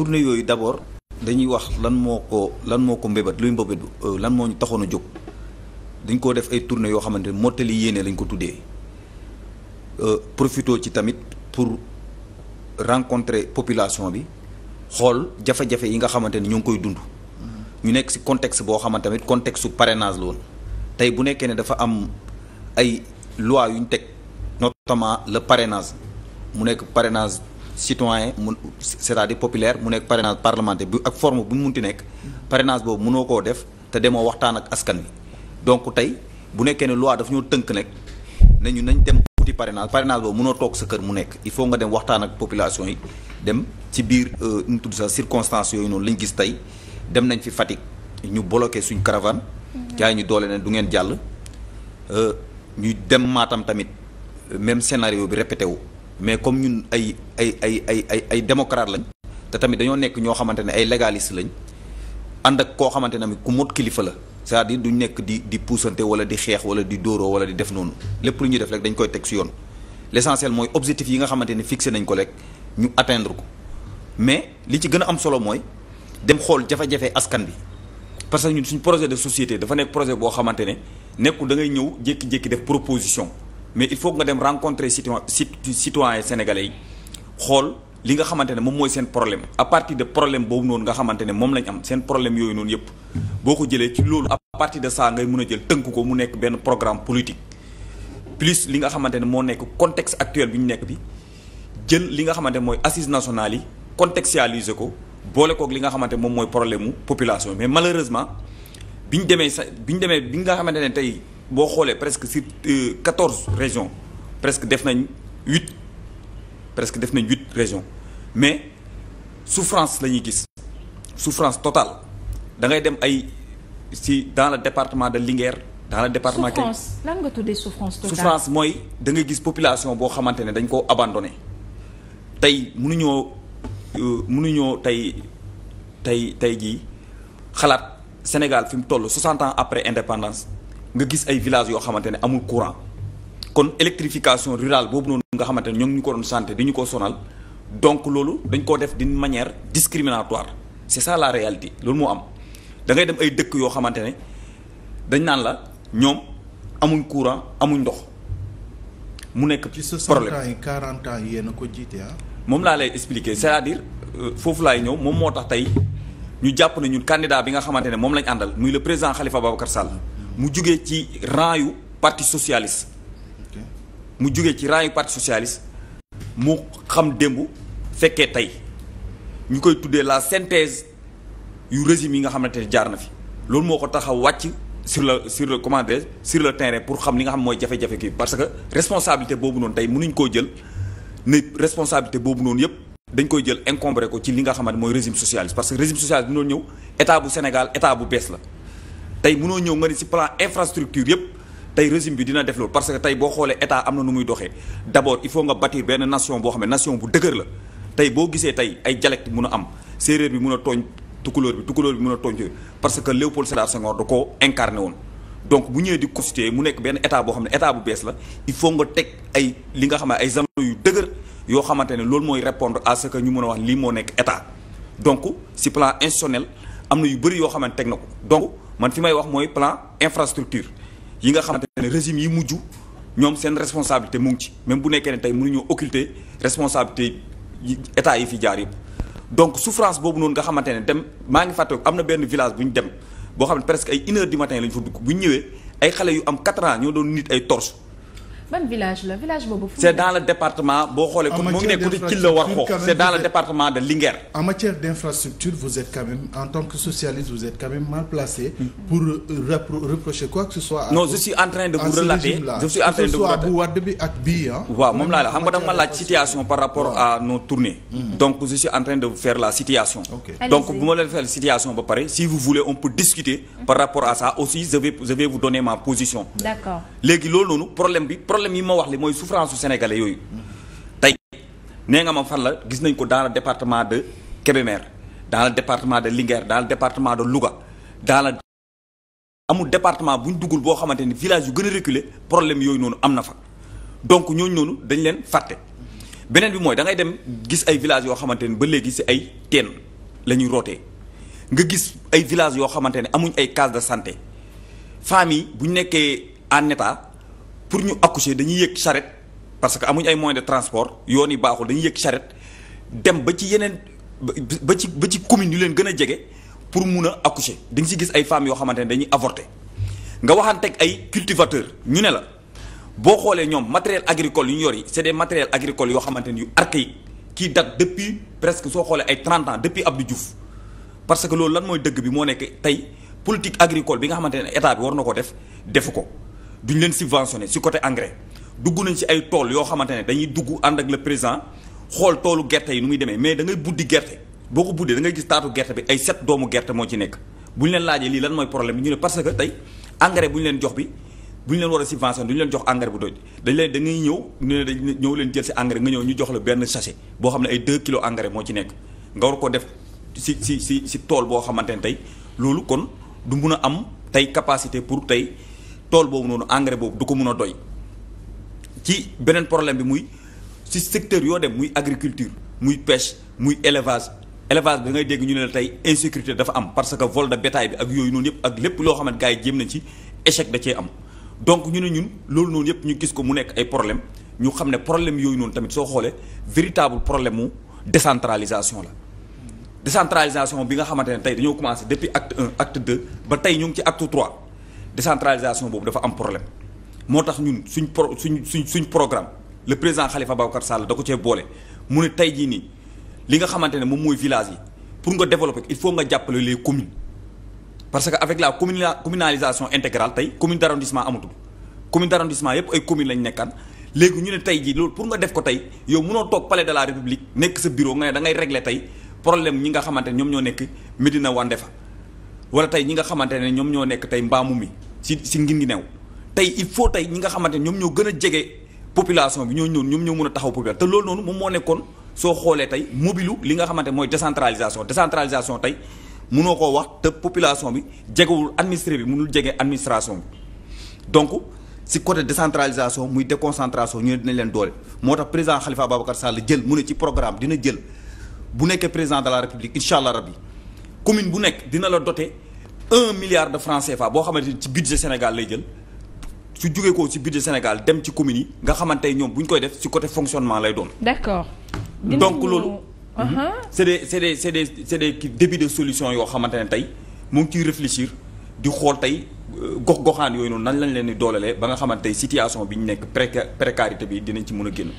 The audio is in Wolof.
tournée yooyu d' abord dañuy wax lan moo ko lan moo ko mbébat luy mbébat euh, lan moo ñu taxoon a jóg dañ koo def ay tournée yoo xamante ne mottali yéene lañ ko tuddee euh, profito ci tamit pour rencontrer population bi xool jafe-jafe yi nga xamante ne ñoo ngi koy dund. ñu nekk si contexte boo xamante tamit contexte su parrainage la tey bu nekkee ne dafa am ay loi yuñ teg notamment le parrainage mu nekk parrainage citoyen mun c'est-à-dire populaire mu nekk parrainage parlementaire bi ak forme bu mu munti nekk parrainage boobu mënoo koo def te demoo waxtaan ak askan wi donc tey bu nekkee ne loi daf ñoo tënk nekk nañu nañ dem uti parrainage parrainage boobu mënoo toog sa kër mu nekk il nga dem waxtaan ak yi dem ci biir ñu euh, tudd sa circonstance yooyu noonu lañ gis tey dem nañ fi Fatick ñu bloqué suñ caravane jaay mhm. ñu doole ne du ngeen jàll euh, ñu dem maatam tamit même scénario bi répété wu mais comme ñun ay ay ay ay ay ay démocrate lañ te tamit dañoo nekk ñoo xamante ne ay légaliste lañ ànd ak koo xamante ne ku mot kilifa la c'est-à-dire nekk di di puusante wala di xeex wala di dóoroo wala di def noonu lépp lu ñuy def rek dañ koy teg si yoon l'essentiel mooy objectif yi nga xamante ne fixé nañ ko rek ñu atteindre ko mais li ci gën a am solo mooy dem xool jafe-jafe askan bi parce que ñun suñ projet de société dafa nekk projet boo xamante ne nekkul da ñëw jékki def proposition mais il faut nga dem rencontrer citoyen citoyen sénégalais yi xool li nga xamante ne moom mooy seen problème à partir de problème boobu noonu nga xamante ne moom lañ am seen problème yooyu noonu yëpp boo ko jëlee ci loolu à parti de ça ngay mun a jël tënk ko mu nekk benn programme politique plus li nga xamante ne moo nekk contexte actuel bi ñu nekk bi jël li nga xamante ne mooy assise nationales yi contextualiser ko boole kook li nga xamante ne moom mooy problème mu population mais malheureusement bi ñu demee sa bi ñu demee bi nga xamante ne tey boo xoolee presque sur euh, quatorze régions presque def nañ huit presque def nañ huit régions mais souffrance la ñuy gis souffrance totale da ngay dem ay si dans le département de Linguère. dans le département souffrance lan nga tuddee souffrance totale souffrance mooy da ngay gis population boo xamante ne dañ koo abandonné tey mënuñoo euh, mënuñoo tey tey tey jii xalaat Sénégal fi mu toll 60 ans après indépendance. nga gis ay village yoo xamante ne amul courant kon électrification rural boobu noonu nga xamante ne ñoo ngi ñu ko doon santé di ñu ko sonal donc loolu dañ koo def d'une manière discriminatoire c'est ça la réalité loolu moo am da ngay dem ay dëkk yoo xamante ne dañ naan la ñoom amuñ courant amuñ ndox mu nekk ci 60 ans yi 40 ans yéen a ko jiite ah. moom laa lay expliquer c'est-à-dire euh, foofu laay ñëw moom moo tax tey ñu jàpp ne ñun candidat bi nga xamante ne moom lañ àndal muy le président Khalifa Babacar Sall. mu jugee ci rang yu parti socialiste. mu jógee ci ran yu parti socialiste mu xam démb fekkee tey ñu koy tuddee la synthèse yu régime yi nga xamante ne jaar na fi loolu moo ko taxaw a wàcc sur le sur le comment dirais sur le terrain pour xam li nga xam mooy jafe-jafe kii parce que responsabilité boobu noonu tey mënuñ koo jël ne responsabilité boobu noonu yëpp dañ koy jël incombré ko ci li nga xamante mooy régime socialiste parce que régime socialiste bi noonu ñëw état bu Sénégal état bu bees la tey mënoo ñëw nga ni ci plan infrastructure yëpp tey régime bi dina def loolu parce que tey boo xoolee état am na nu muy doxee d'abord il faut nga bâtir benn nation boo xam nation bu dëgër la tey boo gisee tey ay dialecte mun a am séeréer bi mun a tooñ tukulóor bi tukulóor bi mun a tooñ parce que Léopold Sédar Senghor da ko incarné woon donc bu ñëwee di constitué mu nekk benn état boo xam ne état bu bees la il faut nga teg ay li nga xam ne ay jamono yu dëgër yoo xamante ne loolu mooy répondre à ce que ñu mën a wax lii moo nekk état donc ci plan institutionnel am na yu bëri yoo xamante na ko donc man fi may wax mooy plan infrastructure yi nga xamante ne régime yi mujj ñoom seen responsabilité mu ngi ci même bu nekkee ne tey ñoo occulter responsabilité état yi fi jaar yëpp. donc souffrance boobu noonu nga xamante ne dem maa ngi fàtte am na benn village bu ñu dem boo xam ne presque ay une heure du matin lañ fa dugg bu ñu ñëwee ay xale yu am quatre ans ñoo doon nit ay torse ban village la village boobu. c' est dans le département boo xoolee. en matière d' infrastructure c' est dans le département de Linguère. en matière d' vous êtes quand même mal placé. Hmm. pour reprocher quoi que ce soit. à non je suis en train de vous relater je suis en train de vous relater bu bi ak bii ah. waaw moom laa la xam nga dama laaj situation par rapport à nos tournées. Hmm. donc je suis en train de faire la situation. donc bu ma leen faire situation ba par problème yi ma wax li mooy souffrance su sénégalais yooyu tey nee nga ma fan la gis nañ ko dans le département de Kébémer dans le département de Linguère dans le de Louga dans amul département bu ñu duggul boo xamante ni village yu gën a reculé problème yooyu noonu am na fa donc ñooñu noonu dañ leen fàtte beneen bi mooy dangay dem gis ay villages yoo xamante ni ba léegi si ay teen la ñuy rootee nga gis ay villages yoo xamante ne amuñ ay case de santé famille bu ñu pour ñu accoucher dañuy yëg charrette parce que amuñ ay moyens de transport yoon yi baaxul dañuy yëg charrette dem ba ci yeneen ba ci ba ci commune yu leen gën a jege pour mun a accoucher di si gis ay femmes yoo xamante ne dañuy avorter nga waxanteeg ay cultivateur ñu ne la boo xoolee ñoom matériel agricole yu ñu yor yi c'est des matériels agricoles yoo xamante ne yu archaïque qui date depuis presque soo xoolee ay 30 ans depuis Abdou Diouf parce que loolu lan mooy dëgg bi moo nekk tey politique bi nga xamante ne état war na ko def defu ko duñ leen subventionné si côté engrais dugg nañ si ay tool yoo xamante ne dañuy dugg ànd ak le président xool toolu gerte yi nu muy demee mais da ngay buddi gerte boo ko buddee da ngay gis taatu gerte bi ay set doomu gerte moo ci nekk bu ñu leen laajee lii lan mooy problème bi ñu ne parce que tey engrais bu ñu leen jox bi bu ñu leen war a subventionné du ñu leen jox engrais bu doy dañ leen da ngay ñëw ne ñëw leen jël si engrais nga ñëw ñu jox la benn sachet boo xam ne ay 2 kilos engrais moo ci nekk nga war ko def si si si si tool boo xamante ne tey loolu kon du mun am tey capacité pour tey tool boobu noonu engrais boobu du ko mun a doy ci beneen problème bi muy si secteur yoo dem muy agriculture muy pêche muy élevage élevage bi da ngay dégg ñu ne la tey insécurité dafa am parce que vol de bi ak yooyu noonu yëpp ak lépp loo xamante gars jéem na ci échec da cee am donc ñu ne ñun loolu noonu yëpp ñu gis ko mu nekk ay problème ñu xam ne problème yooyu noonu tamit soo xoolee véritable problème mu décentralisation la décentralisation bi nga xamante ne tey dañoo commencé depuis acte 1 ba tey ñu ngi ci acte décentralisation boobu dafa am problème moo tax ñun suñ pro suñ suñ suñ programme le président Khalifa Babacar Sall da ko cee boole mu ne tey jii nii li nga xamante ne moom mooy village yi pour nga développer il faut nga jàppale les commune parce que avec la communalisation intégrale tey commune d' arrondissement amatul commune d' arrondissement ay commune lañu nekkaan léegi ñu ne tey jii loolu pour nga def ko tey yow mënoo toog palais de la république nekk sa bureau nga ngay régler tey problème ñi nga xamante ne ñoom ñoo nekk Médina Wandefa wala tey ñi nga xamante ne ñoom ñoo nekk tey mbaamu mi si si ngin gi new tey il faut tey ñi nga xamante ne ñoom ñoo gën a jege population bi ñoo ñëw ñoom ñoo mën a taxaw population te loolu noonu moom moo nekkoon soo xoolee tey mobilu li nga xamante mooy décentralisation décentralisation tey mënoo koo wax te population bi jegewul administré bi mënul jege administration bi donc si côté décentralisation muy déconcentration ñu ne dinañ leen doole moo tax président Khalifa Ababacar Sall jël mu ne ci programme dina jël bu nekkee président de la république incha allah rabbi commune bu nekk dina la doter un milliard de francs CFA boo xamante ni ci budget Sénégal lay jël su jógee ko ci budget Sénégal dem ci communes yi nga xamante ñoom bu ñu koy def ci côté fonctionnement lay doon. d'accord donc loolu. Uh-huh. Mhm. c'est des c'est des c'est des c'est des de solution yoo xamante ne tey mu ngi ciy réfléchir di xool tey euh, gox goxaan yooyu noonu nan lañ leen di doolelee ba nga xamante ne situation bi ñu nekk précarité bi dinañ ci mun a génn.